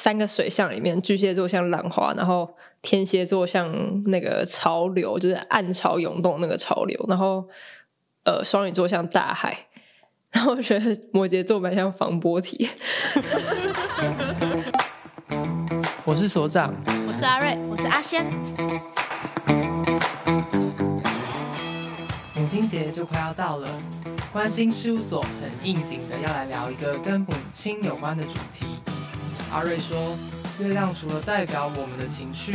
三個水象裡面，巨蟹座像浪花，然後天蠍座像那個潮流，就是暗潮湧動那個潮流，然後呃雙魚座像大海，然後我覺得摩羯座蠻像防波堤。 我是所長，我是阿瑞，我是阿仙。母親節就快要到了，關心事務所很應景的要來聊一個跟母親有關的主題。阿瑞說：“月亮除了代表我們的情緒，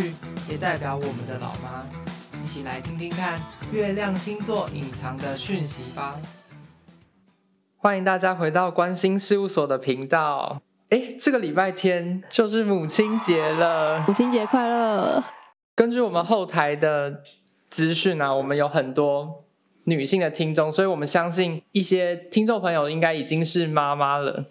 也代表我們的老媽。一起來聽聽看月亮星座隱藏的訊息吧。”歡迎大家回到觀心事務所的頻道。欸，這個禮拜天就是母親節了，母親節快樂！根據我們後台的資訊啊，我們有很多女性的聽眾，所以我們相信一些聽眾朋友應該已經是媽媽了。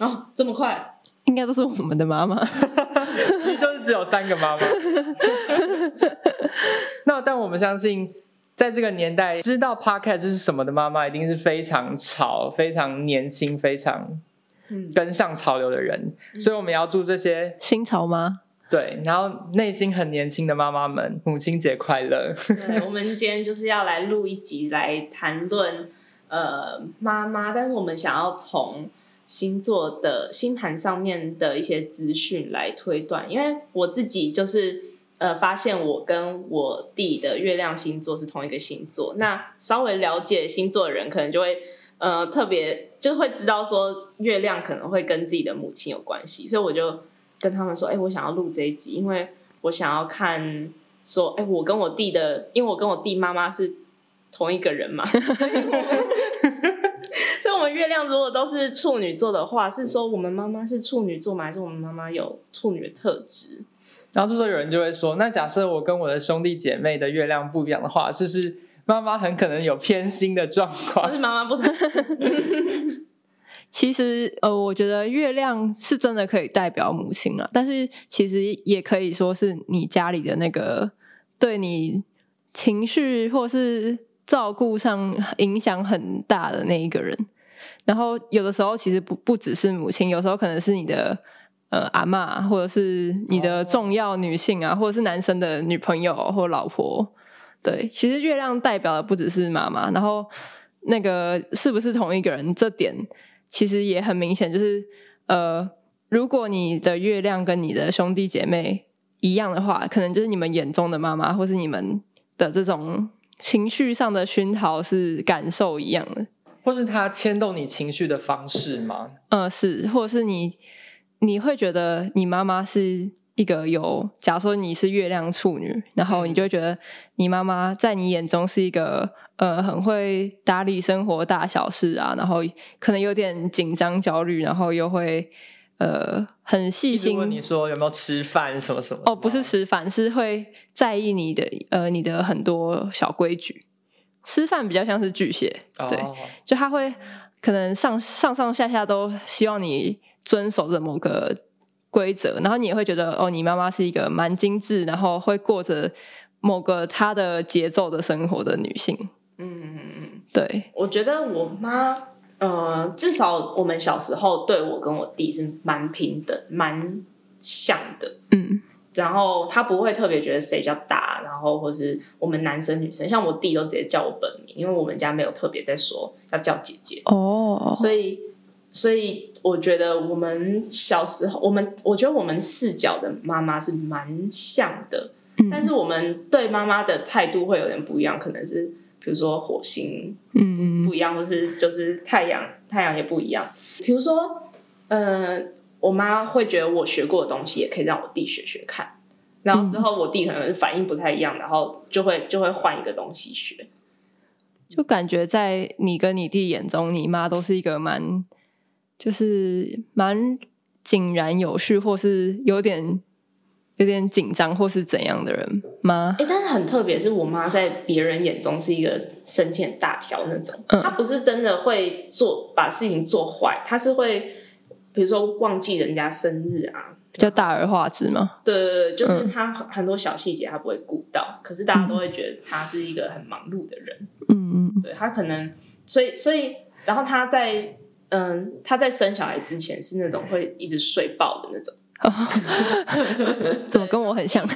哦，這麼快？應該都是我們的媽媽，其實 就是只有三個媽媽。 那但我們相信，在這個年代，知道 podcast 是什麼的媽媽，一定是非常潮、非常年輕、非常跟上潮流的人。嗯、所以我們要祝這些、嗯、新潮嗎？對，然後內心很年輕的媽媽們，母親節快樂 ！對，我們今天就是要來錄一集來談論呃媽媽，但是我們想要從星座的星盤上面的一些資訊來推斷，因為我自己就是呃發現我跟我弟的月亮星座是同一個星座，那稍微了解星座的人可能就會呃特別就會知道說月亮可能會跟自己的母親有關係，所以我就跟他們說，哎、欸，我想要錄這一集，因為我想要看說，哎、欸，我跟我弟的，因為我跟我弟媽媽是同一個人嘛。 月亮如果都是處女座的話，是說我們媽媽是處女座嗎？還是我們媽媽有處女的特質？然後這時候有人就會說：“那假設我跟我的兄弟姐妹的月亮不一樣的話，就是媽媽很可能有偏心的狀況。”但是媽媽不對？ 其實呃，我覺得月亮是真的可以代表母親啊，但是其實也可以說是你家裡的那個對你情緒或是照顧上影響很大的那一個人。然後有的時候其實不不只是母親，有時候可能是你的呃阿嬤，或者是你的重要女性啊，或者是男生的女朋友或老婆。對，其實月亮代表的不只是媽媽。然後那個是不是同一個人，這點其實也很明顯，就是呃，如果你的月亮跟你的兄弟姐妹一樣的話，可能就是你們眼中的媽媽，或是你們的這種情緒上的熏陶是感受一樣的。或是他牽動你情緒的方式嗎？嗯，是，或者是你，你會覺得你媽媽是一個有，假如說你是月亮處女，然後你就會覺得你媽媽在你眼中是一個呃，很會打理生活大小事啊，然後可能有點緊張焦慮，然後又會呃很細心，問你說有沒有吃飯什麼什麼。哦，不是吃飯，是會在意你的呃你的很多小規矩。吃飯比較像是巨蟹，oh. 對，就他會可能上上上下下都希望你遵守着某個規則，然後你也會覺得哦，你媽媽是一個蠻精緻，然後會過着某個她的節奏的生活的女性。嗯嗯嗯，對，我覺得我媽，呃，至少我們小時候對我跟我弟是蠻平等、蠻像的。嗯。然後他不會特別覺得誰叫大，然後或是我們男生女生，像我弟都直接叫我本名，因為我們家沒有特別在說要叫姐姐哦。Oh. 所以，所以我覺得我們小時候，我們我覺得我們視角的媽媽是蠻像的，嗯、但是我們對媽媽的態度會有點不一樣，可能是比如說火星，嗯不一樣，嗯、或是就是太陽，太陽也不一樣。比如說，呃。我媽會覺得我學過的東西也可以讓我弟學學看，然後之後我弟可能反應不太一樣，嗯、然後就會就會換一個東西學。就感覺在你跟你弟眼中，你媽都是一個蠻就是蠻井然有序，或是有點有點緊張或是怎樣的人嗎？哎、欸，但是很特別是，我媽在別人眼中是一個神經大條那種，嗯、她不是真的會做把事情做壞，她是會。比如說忘記人家生日啊，比較大而化之嘛。對對對，就是他很多小細節他不會顧到，嗯、可是大家都會覺得他是一個很忙碌的人。嗯嗯，對他可能，所以所以，然後他在嗯他在生小孩之前是那種會一直睡爆的那種，嗯、 怎麼跟我很像？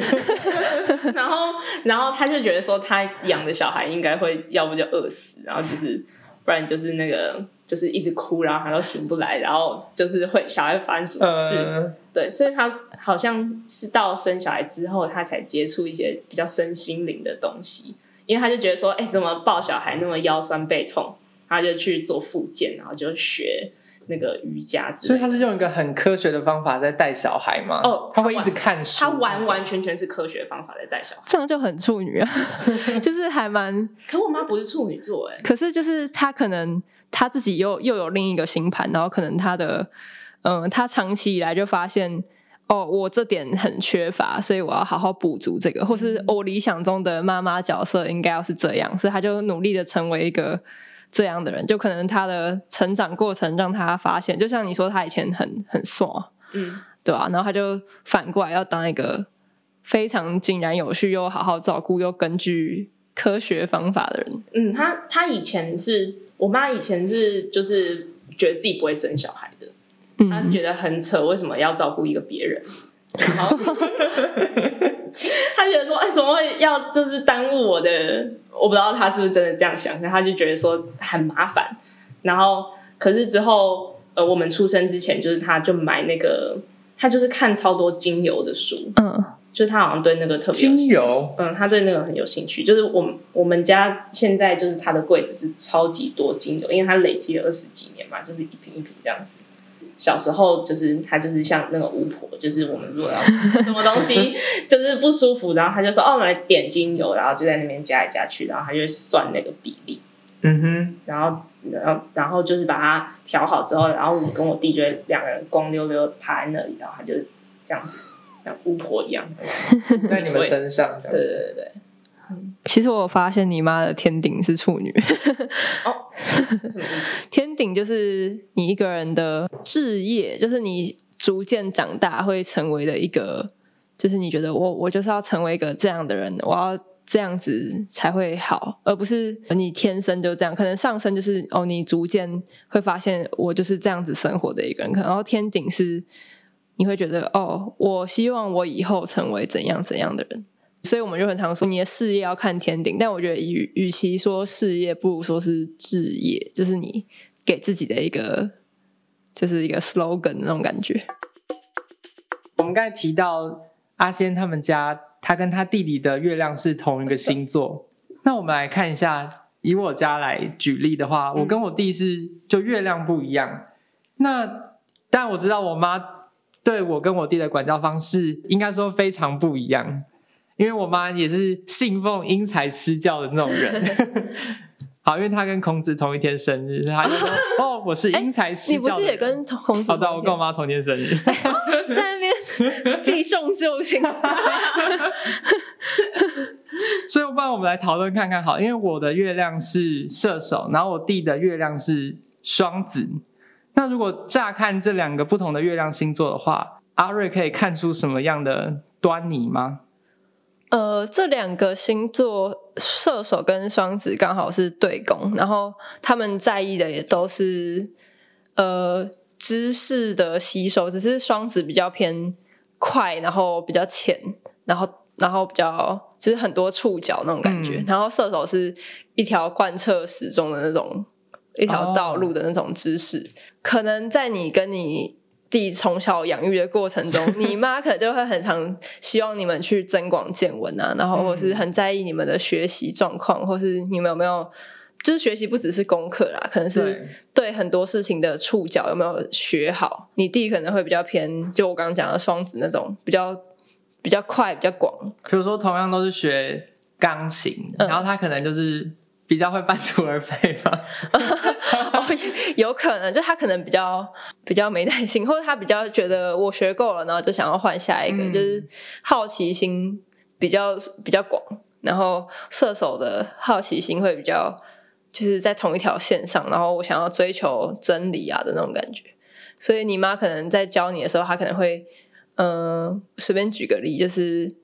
然後然後他就覺得說他養的小孩應該會要不就餓死，然後就是不然就是那個。就是一直哭，然後他都醒不來，然後就是會小孩發生什麼事，呃、對，所以他好像是到生小孩之後，他才接觸一些比較身心靈的東西，因為他就覺得說，哎，怎麼抱小孩那麼腰酸背痛，他就去做復健，然後就學那個瑜伽，所以他是用一個很科學的方法在帶小孩嗎？哦，他，他會一直看書，他完完全全是科學的方法在帶小孩，這樣就很處女啊， 就是還蠻，可我媽不是處女座哎、欸，可是就是他可能。他自己又又有另一個星盤，然後可能他的，嗯、呃，他長期以來就發現，哦，我這點很缺乏，所以我要好好補足這個，或是我理想中的媽媽角色應該要是這樣，所以他就努力的成為一個這樣的人。就可能他的成長過程讓他發現，就像你說，他以前很很爽，嗯，對啊，然後他就反過來要當一個非常井然有序又好好照顧又根據科學方法的人。嗯，他他以前是。我媽以前是就是覺得自己不會生小孩的。嗯嗯，她就覺得很扯，為什麼要照顧一個別人？ 她覺得說，哎，怎麼會要就是耽誤我的？我不知道她是不是真的這樣想，但她就覺得說很麻煩。然後可是之後，呃，我們出生之前，就是她就買那個，她就是看超多精油的書，嗯。就他好像對那個特別精油，嗯，他對那個很有興趣。就是我們我們家現在就是他的櫃子是超級多精油，因為他累積了二十幾年嘛，就是一瓶一瓶這樣子。小時候就是他就是像那個巫婆，就是我們如果要什麼東西 就是不舒服，然後他就說哦，我們來點精油，然後就在那邊加來加去，然後他就算那個比例，嗯哼，然後然後然後就是把它調好之後，然後我跟我弟就兩個人光溜溜趴在那裡，然後他就這樣子。巫婆一樣， 在你們身上這樣子。對，對對對，其實我發現你媽的天頂是處女。 哦，什麼意思？天頂就是你一個人的志業，就是你逐漸長大會成為的一個，就是你覺得我我就是要成為一個這樣的人，我要這樣子才會好，而不是你天生就這樣。可能上升就是哦，你逐漸會發現我就是這樣子生活的一個人，然後天頂是。你會覺得哦，我希望我以後成為怎樣怎樣的人，所以我們就很常說你的事業要看天頂。但我覺得與與其說事業，不如說是志業，就是你給自己的一個，就是一個 slogan 的那種感覺。我們剛才提到阿仙他們家，他跟他弟弟的月亮是同一個星座。 那我們來看一下，以我家來舉例的話，我跟我弟是就月亮不一樣。那但我知道我媽。對，我跟我弟的管教方式，應該說非常不一樣，因為我媽也是信奉因材施教的那種人。 好，因為她跟孔子同一天生日，她就說，哦，我是因材施教、欸。你不是也跟孔子？好的、哦啊，我跟我媽同天生日，哎、在那邊避重就輕。以 所以，我幫我們來討論看看，好，因為我的月亮是射手，然後我弟的月亮是雙子。那如果乍看這兩個不同的月亮星座的話，阿瑞可以看出什麼樣的端倪嗎？呃，這兩個星座，射手跟雙子剛好是對宮，然後他們在意的也都是呃知識的吸收，只是雙子比較偏快，然後比較淺，然後然後比較就是很多觸角那種感覺，嗯、然後射手是一條貫徹始終的那種。一條道路的那種知識，oh. 可能在你跟你弟從小養育的過程中， 你媽可能就會很常希望你們去增廣見聞啊，然後或是很在意你們的學習狀況，嗯、或是你們有沒有就是學習不只是功課啦，可能是對很多事情的觸角有沒有學好。對你弟可能會比較偏，就我剛剛講的雙子那種比較比較快、比較廣。比如說，同樣都是學鋼琴，然後他可能就是、嗯。比較會半途而廢吧、 哦、有可能，就他可能比較比較沒耐心，或者他比較覺得我學夠了，然後就想要換下一個，嗯、就是好奇心比較比較廣，然後射手的好奇心會比較就是在同一條線上，然後我想要追求真理啊的那種感覺，所以你媽可能在教你的時候，他可能會，嗯、呃，隨便舉個例，就是，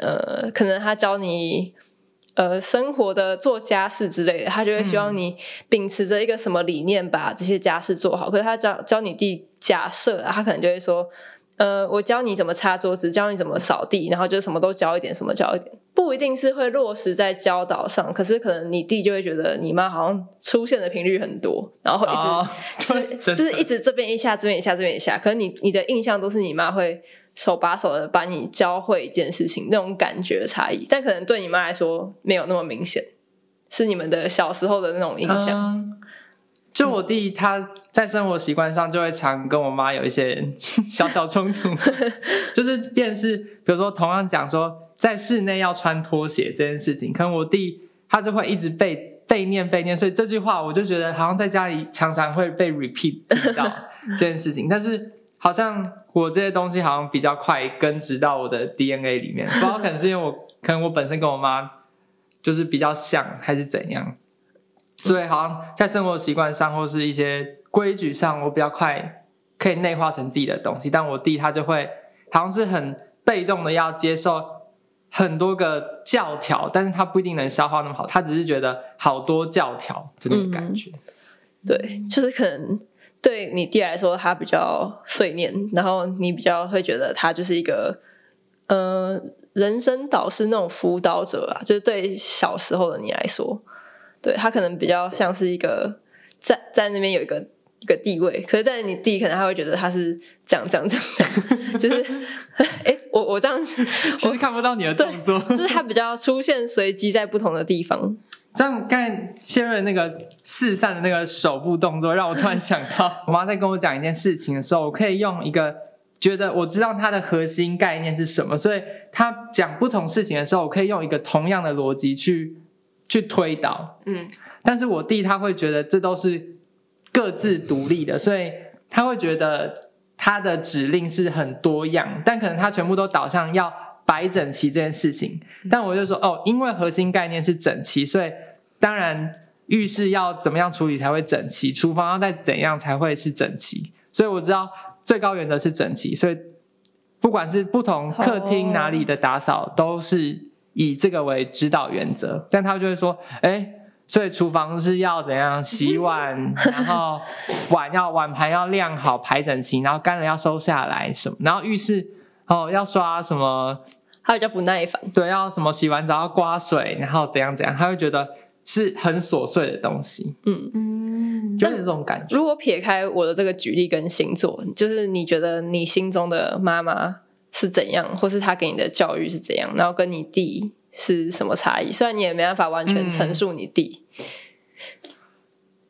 呃，可能他教你。呃，生活的做家事之類的，他就會希望你秉持着一個什麼理念把這些家事做好。嗯、可是他教教你弟假，假設啊他可能就會說，呃，我教你怎麼擦桌子，教你怎麼掃地，然後就什麼都教一點，什麼教一點，不一定是會落實在教導上。可是可能你弟就會覺得你媽好像出現的頻率很多，然後會一直、哦、就是對就是一直這邊一下，這邊一下，這邊一下。可是你你的印象都是你媽會。手把手的把你教會一件事情，那種感覺差異，但可能對你媽來說沒有那麼明顯，是你們的小時候的那種印象、嗯。就我弟他在生活習慣上就會常跟我媽有一些小小衝突， 就是便是比如說同樣講說在室內要穿拖鞋這件事情，可能我弟他就會一直被被念被念，所以這句話我就覺得好像在家裡常常會被 repeat 到這件事情， 但是。好像我這些東西好像比較快根植到我的 DNA 裡面，不知道可能是因為我， 可能我本身跟我媽就是比較像，還是怎樣，所以好像在生活習慣上或是一些規矩上，我比較快可以內化成自己的東西。但我弟他就會好像是很被動的要接受很多個教條，但是他不一定能消化那麼好，他只是覺得好多教條就那個感覺、嗯，對，就是可能。對你弟來說，他比較碎念，然後你比較會覺得他就是一個呃人生導師那種輔導者啊，就是對小時候的你來說，對，他可能比較像是一個在在那邊有一個一個地位，可是，在你弟可能他會覺得他是這樣這樣這樣，這樣，就是哎、欸，我我這樣子，我其實看不到你的動作，就是他比較出現隨機在不同的地方。這樣剛才謝瑞那個四散的那個手部動作，讓我突然想到，我媽在跟我講一件事情的時候，我可以用一個覺得我知道它的核心概念是什麼，所以她講不同事情的時候，我可以用一個同樣的邏輯去去推導。嗯，但是我弟他會覺得這都是各自獨立的，所以他會覺得他的指令是很多樣，但可能他全部都導向要。擺整齊這件事情，但我就說哦，因為核心概念是整齊，所以當然浴室要怎麼樣處理才會整齊，廚房要再怎樣才會是整齊，所以我知道最高原則是整齊，所以不管是不同客廳哪裡的打掃，oh. 都是以這個為指導原則。但他就會說，哎，所以廚房是要怎樣洗碗， 然後碗要碗盤要晾好排整齊，然後乾了要收下來什麼，然後浴室哦要刷什麼。他比較不耐煩，對，要什麼洗完澡要刮水，然後怎樣怎樣，他會覺得是很瑣碎的東西。嗯嗯，就是這種感覺。如果撇開我的這個舉例跟星座，就是你覺得你心中的媽媽是怎樣，或是他給你的教育是怎樣，然後跟你弟是什麼差異？雖然你也沒辦法完全陳述你弟，嗯、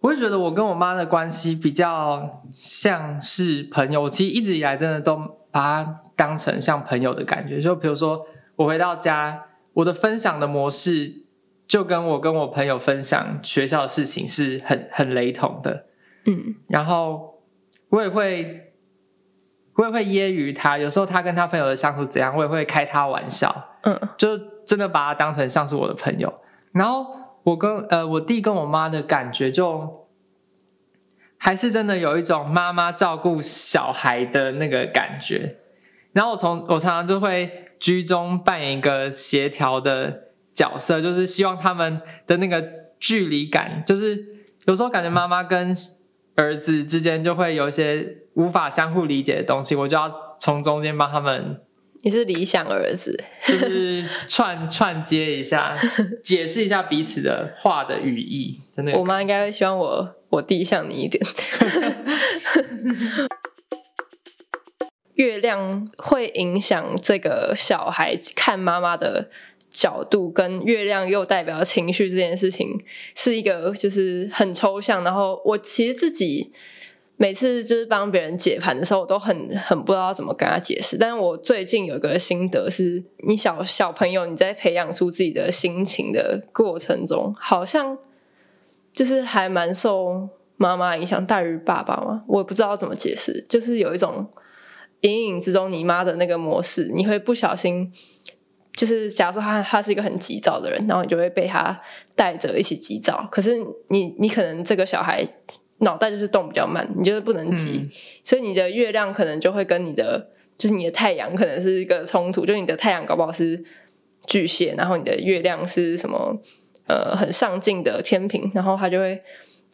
我也覺得我跟我媽的關係比較像是朋友，其實一直以來真的都。把他當成像朋友的感覺，就比如說我回到家，我的分享的模式就跟我跟我朋友分享學校的事情是很很雷同的，嗯，然後我也會我也會揶揄他，有時候他跟他朋友的相處怎樣，我也會開他玩笑，嗯，就真的把他當成像是我的朋友。然後我跟呃我弟跟我媽的感覺就。還是真的有一種媽媽照顧小孩的那個感覺，然後我從我常常就會居中扮演一個協調的角色，就是希望他們的那個距離感，就是有時候感覺媽媽跟兒子之間就會有一些無法相互理解的東西，我就要從中間幫他們。你是理想兒子，就是串 串接一下，解釋一下彼此的話的語義，我媽應該會希望我我弟像你一點。 月亮會影響這個小孩看媽媽的角度，跟月亮又代表情緒這件事情，是一個就是很抽象。然後我其實自己。每次就是幫別人解盤的時候，我都很很不知道怎麼跟他解釋。但是我最近有個心得是，你小小朋友你在培養出自己的心情的過程中，好像就是還蠻受媽媽影響大於爸爸嘛。我也不知道怎麼解釋，就是有一種隱隱之中，你媽的那個模式，你會不小心就是，假如說他他是一個很急躁的人，然後你就會被他帶着一起急躁。可是你你可能這個小孩。腦袋就是動比較慢，你就是不能急，嗯、所以你的月亮可能就會跟你的就是你的太陽可能是一個衝突，就你的太陽搞不好是巨蟹，然後你的月亮是什麼呃很上進的天平，然後他就會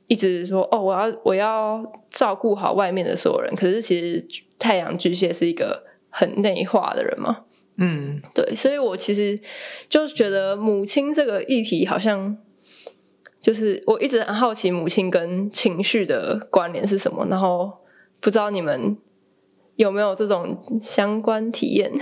一直說哦我要我要照顧好外面的所有人，可是其實太陽巨蟹是一個很內化的人嘛，嗯對，所以我其實就覺得母親這個議題好像。就是我一直很好奇母親跟情緒的關聯是什麼？然後不知道你們有沒有這種相關體驗。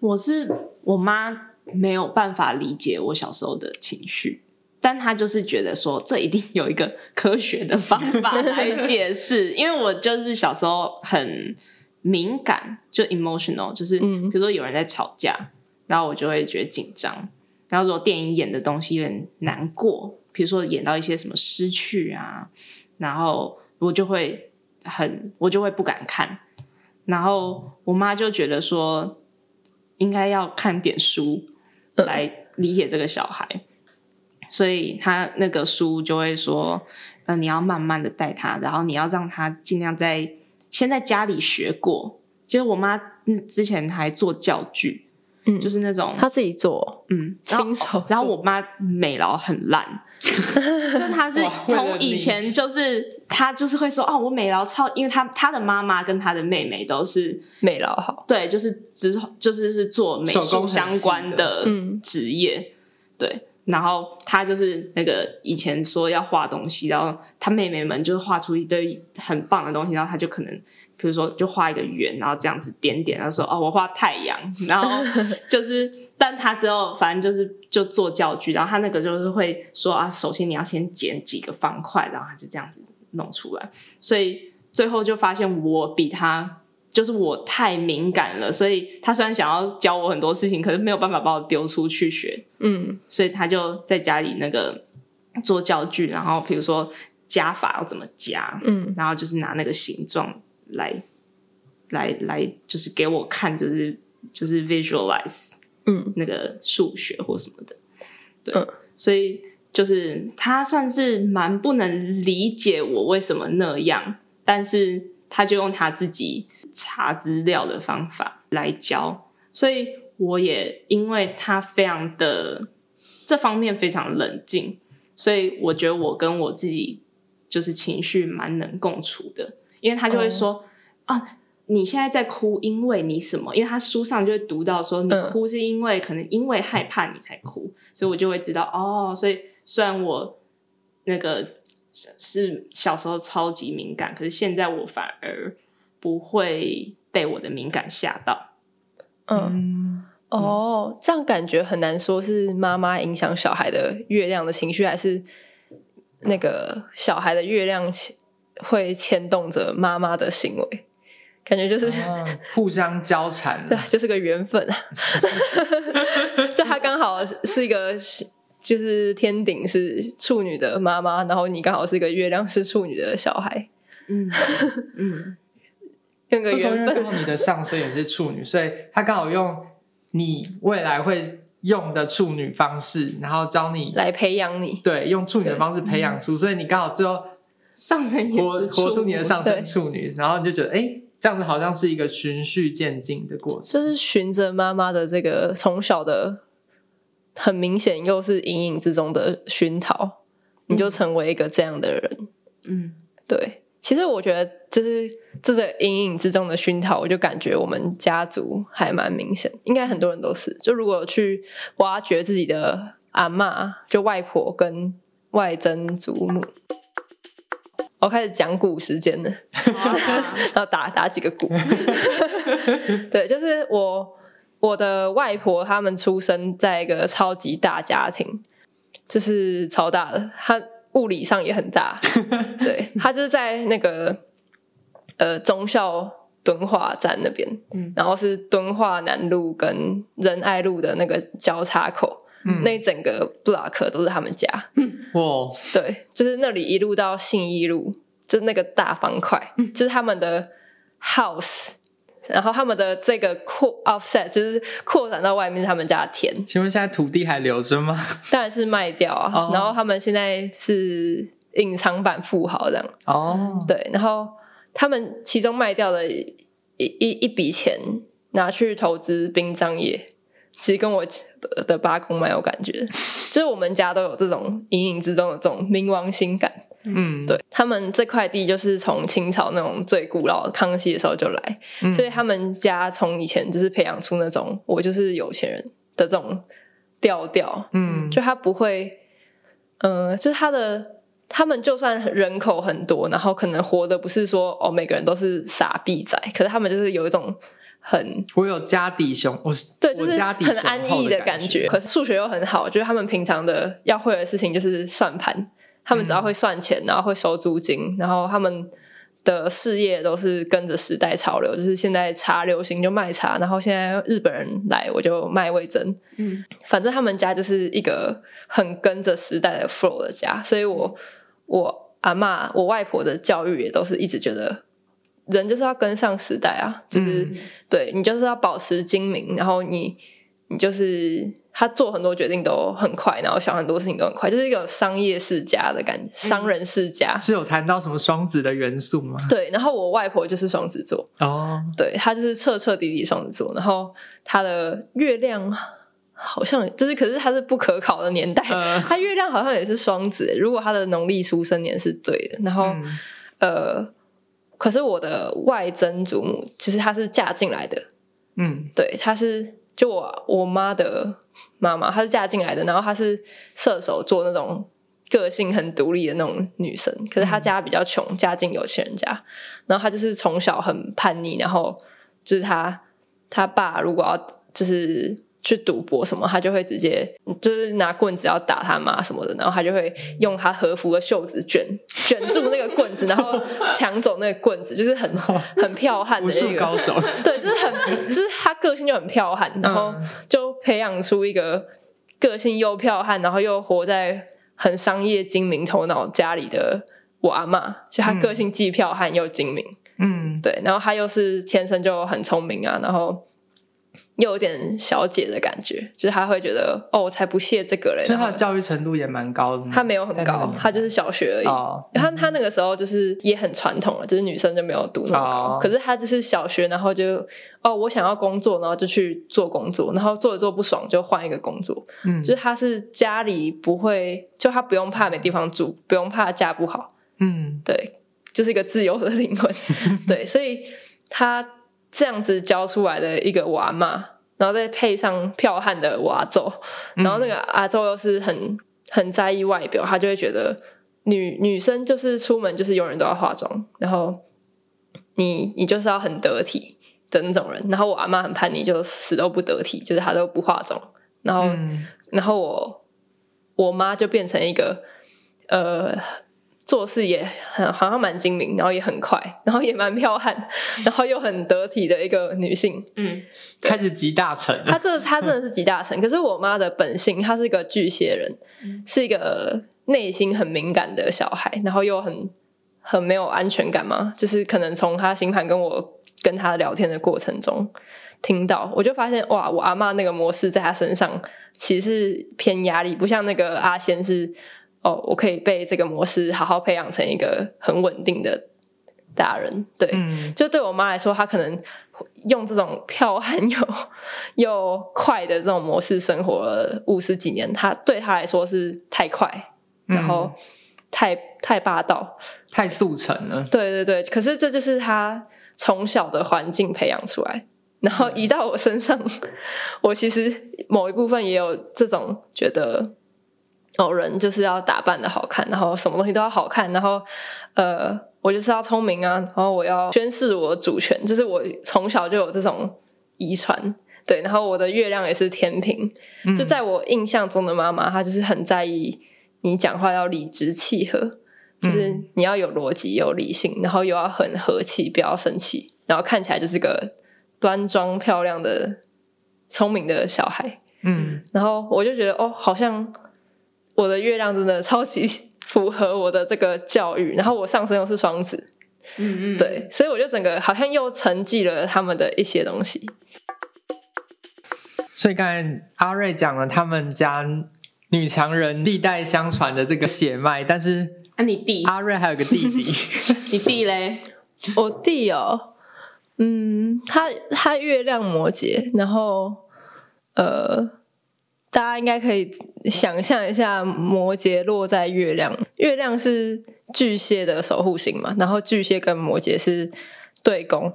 我是我媽沒有辦法理解我小時候的情緒，但她就是覺得說這一定有一個科學的方法來解釋， 因為我就是小時候很敏感，就 emotional，就是比如說有人在吵架，嗯、然後我就會覺得緊張。然後，如果電影演的東西有點難過，比如說演到一些什麼失去啊，然後我就會很，我就會不敢看。然後我媽就覺得說，應該要看點書來理解這個小孩，呃、所以他那個書就會說，嗯、呃、你要慢慢的帶他，然後你要讓他盡量在先在家裡學過。其實我媽之前還做教具。嗯，就是那種他自己做，嗯，親手。然後，然後我媽美勞很爛， 就他是從以前就是他 就是會說哦，我美勞超，因為他他的媽媽跟他的妹妹都是美勞好，對，就是之就是、就是做美術相關的嗯職業，嗯、對。然後他就是那個以前說要畫東西，然後他妹妹們就畫出一堆很棒的東西，然後他就可能。比如說，就畫一個圓，然後這樣子點點，然後說哦，我畫太陽。然後就是， 但他之後反正就是就做教具，然後他那個就是會說啊，首先你要先剪幾個方塊，然後他就這樣子弄出來。所以最後就發現我比他就是我太敏感了，所以他雖然想要教我很多事情，可是沒有辦法把我丟出去學。嗯，所以他就在家裡那個做教具，然後比如說加法要怎麼加，嗯，然後就是拿那個形狀。來，來，來，就是給我看，就是，就是就是 visualize，嗯，那個數學或什麼的，對，嗯、所以就是他算是蠻不能理解我為什麼那樣，但是他就用他自己查資料的方法來教，所以我也因為他非常的這方面非常冷靜，所以我覺得我跟我自己就是情緒蠻能共處的。因為他就會說、oh. 啊，你現在在哭，因為你什麼？因為他書上就會讀到說，你哭是因為、嗯、可能因為害怕你才哭，所以我就會知道哦。所以雖然我那個是小時候超級敏感，可是現在我反而不會被我的敏感嚇到。嗯，嗯哦，這樣感覺很難說是媽媽影響小孩的月亮的情緒，還是那個小孩的月亮。會牽動着媽媽的行為，感覺就是、啊、互相交纏， 對，就是個緣分 就他剛好是一個就是天頂是處女的媽媽，然後你剛好是一個月亮是處女的小孩，嗯嗯，這、嗯、 個緣分，你的上升也是處女，所以他剛好用你未來會用的處女方式，然後教你來培養你，對，用處女的方式培養出，對所以你剛好之後。上身也是活活出你的上身處女，對然後你就覺得哎、欸，這樣子好像是一個循序漸進的過程，就是循着媽媽的這個從小的很明顯，又是隱隱之中的熏陶，你就成為一個這樣的人。嗯，對。其實我覺得就是這個隱隱之中的熏陶，我就感覺我們家族還蠻明顯，應該很多人都是。就如果去挖掘自己的阿嬤，就外婆跟外曾祖母。我開始講古時間了，要 然後打打幾個鼓。 對，就是我我的外婆他們出生在一個超級大家庭，就是超大的。他物理上也很大，對。他就是在那個呃忠孝敦化站那邊，然後是敦化南路跟仁愛路的那個交叉口。那一整個布拉克都是他們家，哇、嗯！對，就是那裡一路到信義路，就是那個大方塊，嗯、就是他們的 house，然後他們的這個擴 offset 就是擴展到外面是他們家的田。請問現在土地還留着嗎？當然是賣掉啊，oh. 然後他們現在是隱藏版富豪這樣。哦，oh. 對，然後他們其中賣掉的一一筆錢拿去投資殯葬業，其實跟我。的八宮蠻有感覺，就是我們家都有這種隱隱之中的這種冥王星感，嗯，對，他們這塊地就是從清朝那種最古老的康熙的時候就來，嗯、所以他們家從以前就是培養出那種我就是有錢人的這種調調，嗯，就他不會，嗯、呃，就是他的他們就算人口很多，然後可能活的不是說哦每個人都是傻逼仔，可是他們就是有一種。很，我有家底雄我是，對，我家底就是很安逸的感覺。可是數學又很好，就是他們平常的要會的事情就是算盤，他們只要會算錢，然後會收租金，嗯、哼然後他們的事業都是跟着時代潮流，就是現在茶流行就賣茶，然後現在日本人來我就賣味噌，嗯，反正他們家就是一個很跟着時代的 flow 的家，所以我我阿嬤我外婆的教育也都是一直覺得。人就是要跟上時代啊，就是、嗯、對你就是要保持精明，然後你你就是他做很多決定都很快，然後想很多事情都很快，就是一個商業世家的感覺，嗯、商人世家。是有談到什麼雙子的元素嗎？對，然後我外婆就是雙子座哦，對，她就是徹徹底底雙子座，然後她的月亮好像就是，可是她是不可考的年代，她、呃、月亮好像也是雙子，如果她的農曆出生年是對的，然後、嗯、呃。可是我的外曾祖母，其實她是嫁進來的，嗯，對，她是就我我媽的媽媽，她是嫁進來的。然後她是射手座那種個性很獨立的那種女生。可是她家比較窮，嫁進有錢人家。然後她就是從小很叛逆，然後就是她她爸如果要就是去賭博什麼，她就會直接就是拿棍子要打她媽什麼的。然後她就會用她和服的袖子卷卷住。個棍子， 然後搶走那個棍子，就是很、哦、很彪悍的一個高手。 對，就是很就是他個性就很彪悍，然後就培養出一個個性又彪悍，然後又活在很商業精明頭腦家裡的我阿媽，就他個性既彪悍又精明。嗯，對，然後他又是天生就很聰明啊，然後。又有點小姐的感覺，就是他會覺得哦，我才不屑這個人。所以他的教育程度也蠻高的。他沒有很高，他就是小學而已。他他那個時候就是也很傳統了，就是女生就沒有讀那麼高，哦，可是他就是小學，然後就哦，我想要工作，然後就去做工作，然後做一做不爽就換一個工作。嗯，就是他是家裡不會，就他不用怕沒地方住，不用怕嫁不好。嗯，對，就是一個自由的靈魂。 對，所以他。這樣子教出來的一個阿嬤，然後再配上彪悍的阿祖，然後那個阿祖又是很很在意外表，他就會覺得女女生就是出門就是永遠都要化妝，然後你你就是要很得體的那種人，然後我阿媽很叛逆，就死都不得體，就是她都不化妝，然後然後我我媽就變成一個呃。做事也很好像蠻精明，然後也很快，然後也蠻彪悍，然後又很得體的一個女性。嗯，對開始集大成，她這她真的是集大成。可是我媽的本性，她是一個巨蟹人，是一個內心很敏感的小孩，然後又很很沒有安全感嘛。就是可能從她星盤跟我跟她聊天的過程中聽到，我就發現哇，我阿媽那個模式在她身上其實是偏壓力，不像那個阿仙是。哦，oh, 我可以被這個模式好好培養成一個很穩定的大人，對，嗯、就對我媽來說，她可能用這種剽悍又又快的這種模式生活了五十幾年，她對她來說是太快，然後太、嗯、太霸道，太速成了。對對對，可是這就是她從小的環境培養出來，然後移到我身上，嗯、 我其實某一部分也有這種覺得。某人就是要打扮得好看，然後什麼東西都要好看，然後呃，我就是要聰明啊，然後我要宣示我的主權，就是我從小就有這種遺傳，對，然後我的月亮也是天平，嗯、就在我印象中的媽媽，她就是很在意你講話要理直氣和，就是你要有邏輯、有理性，然後又要很和氣，不要生氣，然後看起來就是個端莊漂亮的聰明的小孩，嗯，然後我就覺得哦，好像。我的月亮真的超級符合我的這個教育，然後我上升又是雙子，嗯嗯，對，所以我就整個好像又承繼了他們的一些東西。所以剛才阿瑞講了他們家女強人歷代相傳的這個血脈，但是阿、啊、你弟阿瑞還有個弟弟， 你弟嘞咧？我弟哦，嗯，他他月亮摩羯，然後呃。大家應該可以想象一下，摩羯落在月亮，月亮是巨蟹的守護星嘛，然後巨蟹跟摩羯是對宮。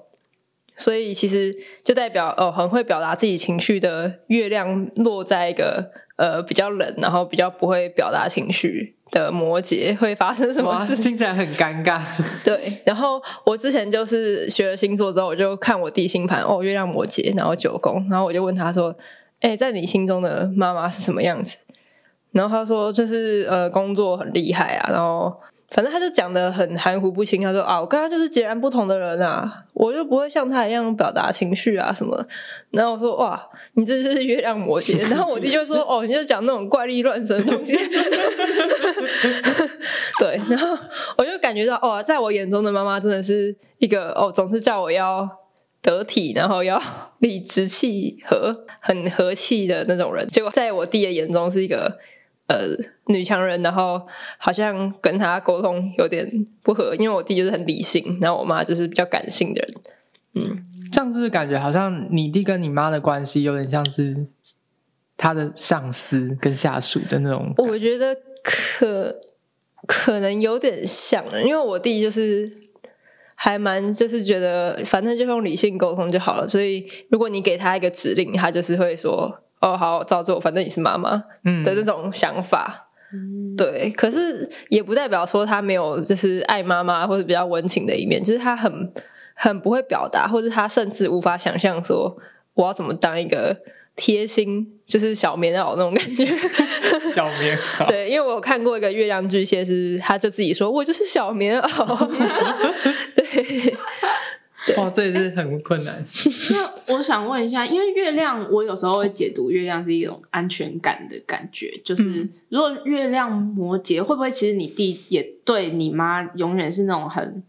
所以其實就代表哦，很會表達自己情緒的月亮落在一個呃比較冷，然後比較不會表達情緒的摩羯會發生什麼事情。聽起來很尷尬。 對，然後我之前就是學了星座之後，我就看我弟星盤，哦，月亮摩羯，然後九宮，然後我就問他說，哎、欸，在你心中的媽媽是什麼樣子？然後他說，就是呃，工作很厲害啊。然後反正他就講得很含糊不清。他說啊，我跟他就是截然不同的人啊，我就不會像他一樣表達情緒啊什麼的。然後我說哇，你這是月亮摩羯。然後我弟就說 哦，你就講那種怪力亂神的東西。 對，然後我就感覺到哦、啊，在我眼中的媽媽真的是一個哦，總是叫我要。得體，然後要理直氣和，很和氣的那種人。結果在我弟的眼中是一個呃女強人，然後好像跟他溝通有點不合，因為我弟就是很理性，然後我媽就是比較感性的人。嗯，這樣子感覺好像你弟跟你媽的關係有點像是他的上司跟下屬的那種。我覺得可可能有點像，因為我弟就是。還蠻就是覺得，反正就用理性溝通就好了。所以，如果你給他一個指令，他就是會說：“哦，好，照做。”反正你是媽媽的這種想法，嗯、對。可是也不代表說他沒有就是愛媽媽或者比較溫情的一面，就是他很很不會表達，或者他甚至無法想象說我要怎麼當一個。貼心就是小棉襖那種感覺，小棉襖。對，因為我有看過一個月亮巨蟹是，他就自己說，我就是小棉襖。 對，對哇，這也是很困難。那我想問一下，因為月亮，我有時候會解讀月亮是一種安全感的感覺，就是如果月亮摩羯會不會其實你弟也對你媽永遠是那種很，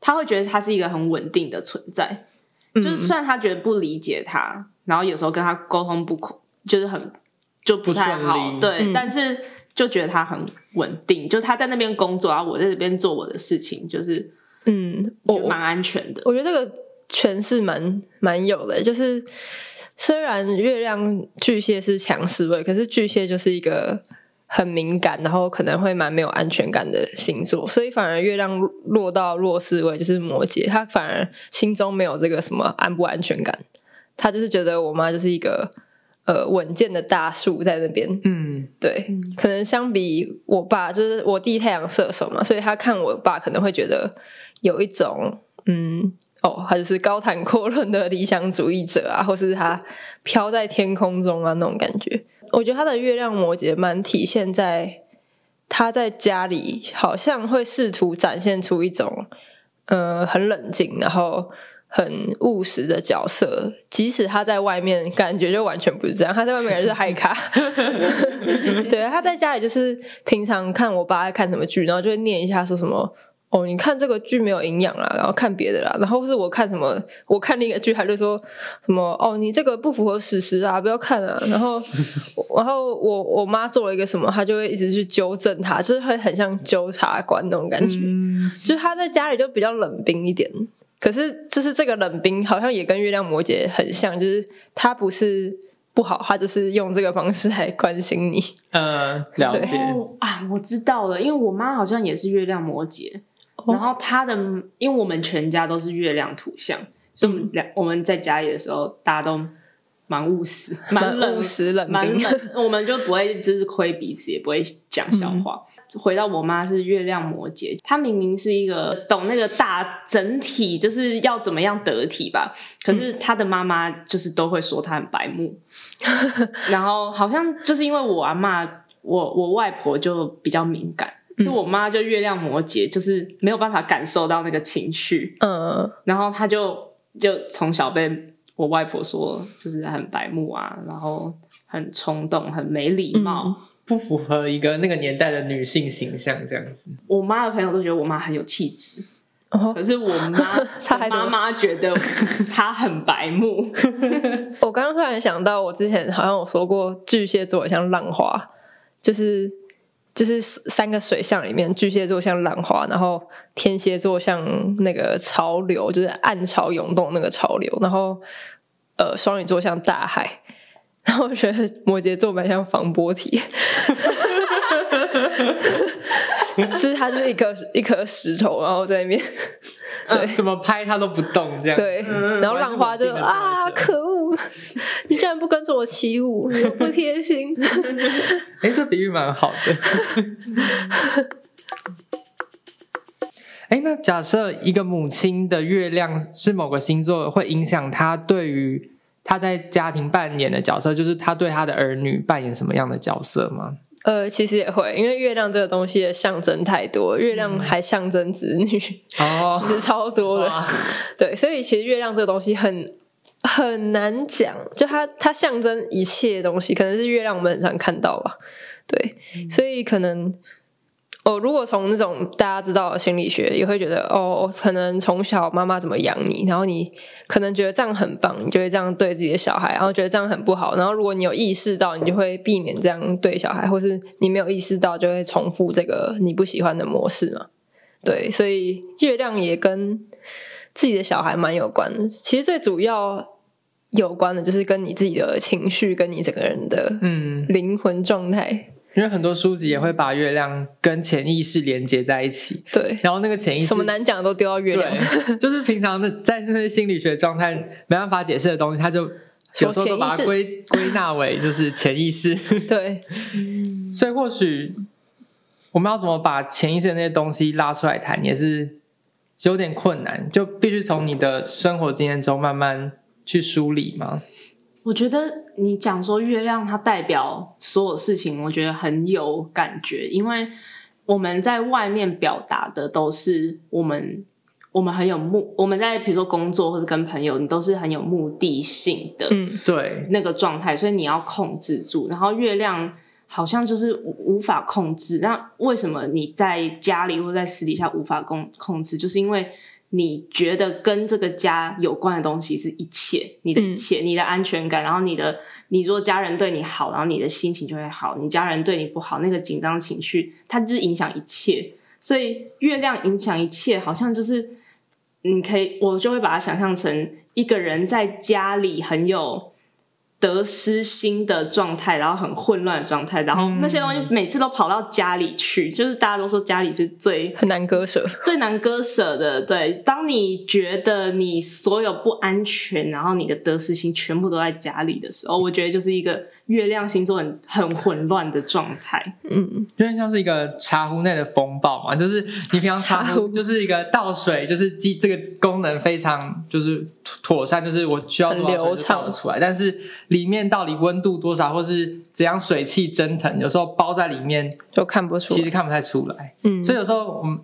他會覺得他是一個很穩定的存在，就是雖然他覺得不理解他。然後有時候跟他溝通不，就是很就不太好，對。嗯、但是就覺得他很穩定，就他在那邊工作，然後我在這邊做我的事情，就是嗯，我、oh, 蠻安全的。我覺得這個詮釋蠻蠻有的、欸，就是雖然月亮巨蟹是強勢位，可是巨蟹就是一個很敏感，然後可能會蠻沒有安全感的星座，所以反而月亮落到弱勢位，就是摩羯，他反而心中沒有這個什麼安不安全感。他就是覺得我媽就是一個呃穩健的大樹在那邊，嗯，對，嗯、可能相比我爸，就是我弟太陽射手嘛，所以他看我爸可能會覺得有一種嗯，哦，他就是高談闊論的理想主義者啊，或是他飄在天空中啊那種感覺。我覺得他的月亮摩羯蠻體現在他在家裡好像會試圖展現出一種嗯、呃、很冷靜，然後。很務實的角色，即使他在外面，感覺就完全不是這樣。他在外面也是嗨咖， 對。他在家裡就是平常看我爸愛看什麼劇，然後就會念一下說什麼哦，你看這個劇沒有營養啦，然後看別的啦。然後是我看什麼，我看另一個劇，他就說什麼哦，你這個不符合史實啊，不要看啊。然後，然後我我媽做了一個什麼，他就會一直去糾正他，就是會很像糾察官那種感覺。就是他在家裡就比較冷冰一點。可是，就是這個冷冰好像也跟月亮摩羯很像，嗯、就是他不是不好，他就是用這個方式來關心你。嗯，了解對、哦。啊，我知道了，因為我媽好像也是月亮摩羯，哦、然後她的，因為我們全家都是月亮圖像，所以我們兩我們在家裡的時候，大家都蠻務實，蠻、嗯、務實，冷冰蠻蠻，我們就不會就是虧彼此，也不會講笑話。嗯回到我媽是月亮摩羯，她明明是一個懂那個大整體，就是要怎麼樣得體吧。可是她的媽媽就是都會說她很白目， 然後好像就是因為我阿媽，我我外婆就比較敏感，所以我媽就月亮摩羯，就是沒有辦法感受到那個情緒。嗯，然後她就就從小被我外婆說，就是很白目啊，然後很衝動，很沒禮貌。嗯不符合一個那個年代的女性形象這樣子。我媽的朋友都覺得我媽很有氣質，哦、可是我媽她還我媽媽覺得她很白目。 我剛剛突然想到，我之前好像有說過，巨蟹座像浪花，就是就是三個水象裡面，巨蟹座像浪花，然後天蠍座像那個潮流，就是暗潮湧動那個潮流，然後呃雙魚座像大海。然後我覺得摩羯座蠻像防波堤， 是它是一顆一顆石頭，然後在面，對、啊、怎麼拍它都不動這樣。對，嗯、然後浪花就、嗯、就啊，可惡！ 你竟然不跟着我起舞， 不貼貼心。哎、 欸，這比喻蠻好的。哎、 欸，那假設一個母親的月亮是某個星座，會影響她對於。他在家庭扮演的角色，就是他對他的兒女扮演什麼樣的角色嗎？呃，其實也會，因為月亮這個東西的象徵太多，嗯、月亮還象徵子女，哦，其實超多的，哇對，所以其實月亮這個東西很很難講，就它它象徵一切的東西，可能是月亮我們很常看到吧，對，嗯、所以可能。哦，如果從那種大家知道的心理學，也會覺得哦，可能從小媽媽怎麼養你，然後你可能覺得這樣很棒，你就會這樣對自己的小孩，然後覺得這樣很不好，然後如果你有意識到，你就會避免這樣對小孩，或是你沒有意識到，就會重複這個你不喜歡的模式嘛。對，所以月亮也跟自己的小孩蠻有關的，其實最主要有關的就是跟你自己的情緒，跟你整個人的嗯靈魂狀態。嗯，因為很多書籍也會把月亮跟潛意識連接在一起，對，然後那個潛意識什麼難講的都丟到月亮，對，就是平常的在那些心理學狀態沒辦法解釋的東西，他就有時候都把它歸歸納為就是潛意識，對， 所以或許我們要怎麼把潛意識的那些東西拉出來談，也是有點困難，就必須從你的生活經驗中慢慢去梳理嘛。我覺得你講說月亮它代表所有事情，我覺得很有感覺，因為我們在外面表達的都是我們我們很有目，我們在比如說工作或者跟朋友，你都是很有目的性的，嗯，對那個狀態，所以你要控制住。然後月亮好像就是無，無法控制，那為什麼你在家裡或在私底下無法控控制？就是因為。你覺得跟這個家有關的東西是一切，你的一切，你的安全感，然後你的，你說家人對你好，然後你的心情就會好；你家人對你不好，那個緊張情緒它就是影響一切。所以月亮影響一切，好像就是你可以，我就會把它想象成一個人在家裡很有。得失心的狀態，然後很混亂的狀態，然後那些東西每次都跑到家裡去，嗯、就是大家都說家裡是最很難割捨、最難割捨的。對，當你覺得你所有不安全，然後你的得失心全部都在家裡的時候，我覺得就是一個。月亮星座很很混亂的狀態，嗯，有點像是一個茶壺內的風暴嘛，就是你平常茶壺壺就是一個倒水，就是這這個功能非常就是妥善，就是我需要流暢出來，但是裡面到底溫度多少，或是怎樣水汽蒸騰，有時候包在裡面就看不出來，其實看不太出來，嗯，所以有時候我們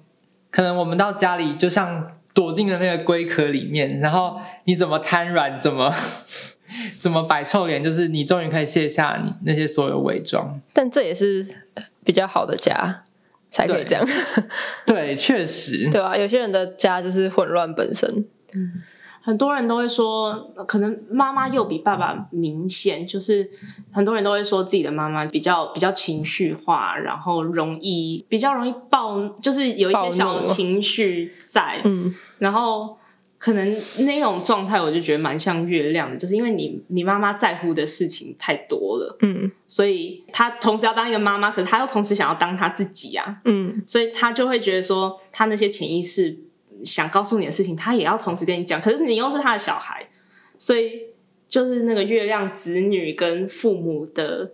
可能我們到家裡就像躲進了那個龜殼裡面，然後你怎麼癱軟，怎麼。 怎麼擺臭臉？就是你終於可以卸下你那些所有偽裝，但這也是比較好的家才可以這樣。對，確實，對啊，有些人的家就是混亂本身。嗯，很多人都會說，可能媽媽又比爸爸明顯，就是很多人都會說自己的媽媽比較比較情緒化，然後容易比較容易暴，就是有一些小情緒在。嗯，然後。可能那種狀態，我就覺得蠻像月亮的，就是因為你你媽媽在乎的事情太多了，嗯，所以她同時要當一個媽媽，可是她又同時想要當她自己啊，嗯，所以她就會覺得說，她那些潛意識想告訴你的事情，她也要同時跟你講，可是你又是她的小孩，所以就是那個月亮子女跟父母的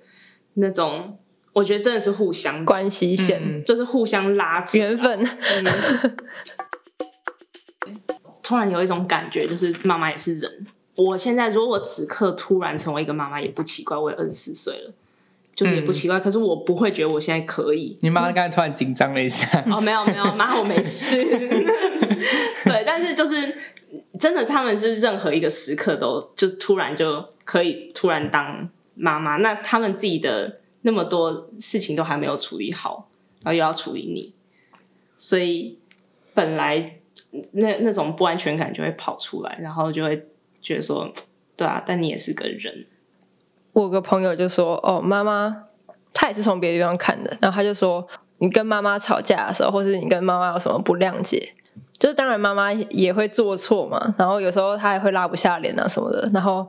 那種，我覺得真的是互相關係線，嗯、就是互相拉扯緣、啊、分。嗯 突然有一種感覺，就是媽媽也是人。我現在如果此刻突然成為一個媽媽，也不奇怪。我也二十四歲了，就是也不奇怪。嗯、可是我不會覺得我現在可以。你媽媽剛才突然緊張了一下、嗯。哦，沒有沒有，媽我沒事。 對，但是就是真的，他們是任何一個時刻都就突然就可以突然當媽媽。那他們自己的那麼多事情都還沒有處理好，然後又要處理你，所以本來。那那種不安全感就會跑出來，然後就會覺得說，對啊，但你也是個人。我有個朋友就說，哦，媽媽，她也是從別的地方看的，然後她就說，你跟媽媽吵架的時候，或是你跟媽媽有什麼不諒解，就是當然媽媽也會做錯嘛，然後有時候她也會拉不下臉啊什麼的，然後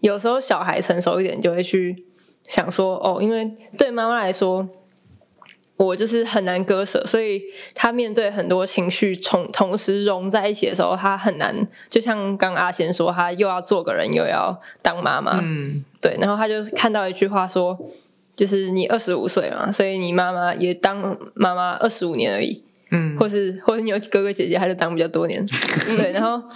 有時候小孩成熟一點就會去想說，哦，因為對媽媽來說。我就是很難割舍，所以他面對很多情緒同同時融在一起的時候，他很難。就像剛剛阿賢說，他又要做個人，又要當媽媽。嗯，對。然後他就看到一句話說，就是你二十五歲嘛，所以你媽媽也當媽媽二十五年而已。嗯，或，或是或是你有哥哥姐姐，他就當比較多年。 對，然後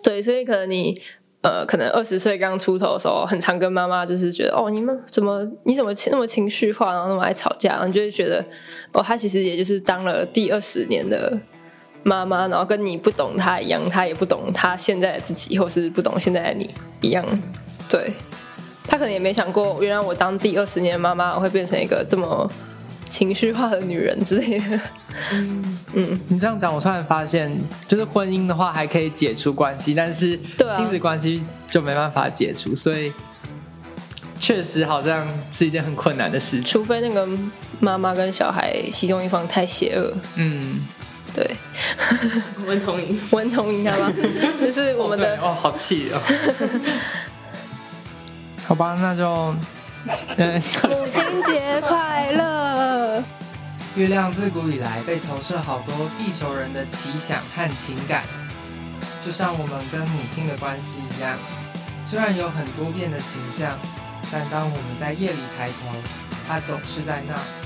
對，所以可能你。呃，可能二十歲剛出頭的時候，很常跟媽媽就是覺得，哦，你們怎麼，你怎麼那麼情緒化，然後那麼愛吵架，然後你就會覺得，哦，他其實也就是當了第二十年的媽媽，然後跟你不懂他一樣，他也不懂他現在的自己，或是不懂現在的你一樣，對，他可能也沒想過，原來我當第二十年的媽媽，我會變成一個這麼。情緒化的女人之類的，嗯嗯，你這樣講，我突然發現，就是婚姻的話還可以解除關係，但是親子關係就沒辦法解除，所以確實好像是一件很困難的事情。嗯、除非那個媽媽跟小孩其中一方太邪惡，嗯，對，我們同意，我們同意，他吧？就是我們的哦，好氣哦，好吧，那就。母親節快樂！月亮自古以來被投射好多地球人的奇想和情感，就像我們跟母親的關係一樣，雖然有很多變的形象，但當我們在夜裡抬頭，它總是在那。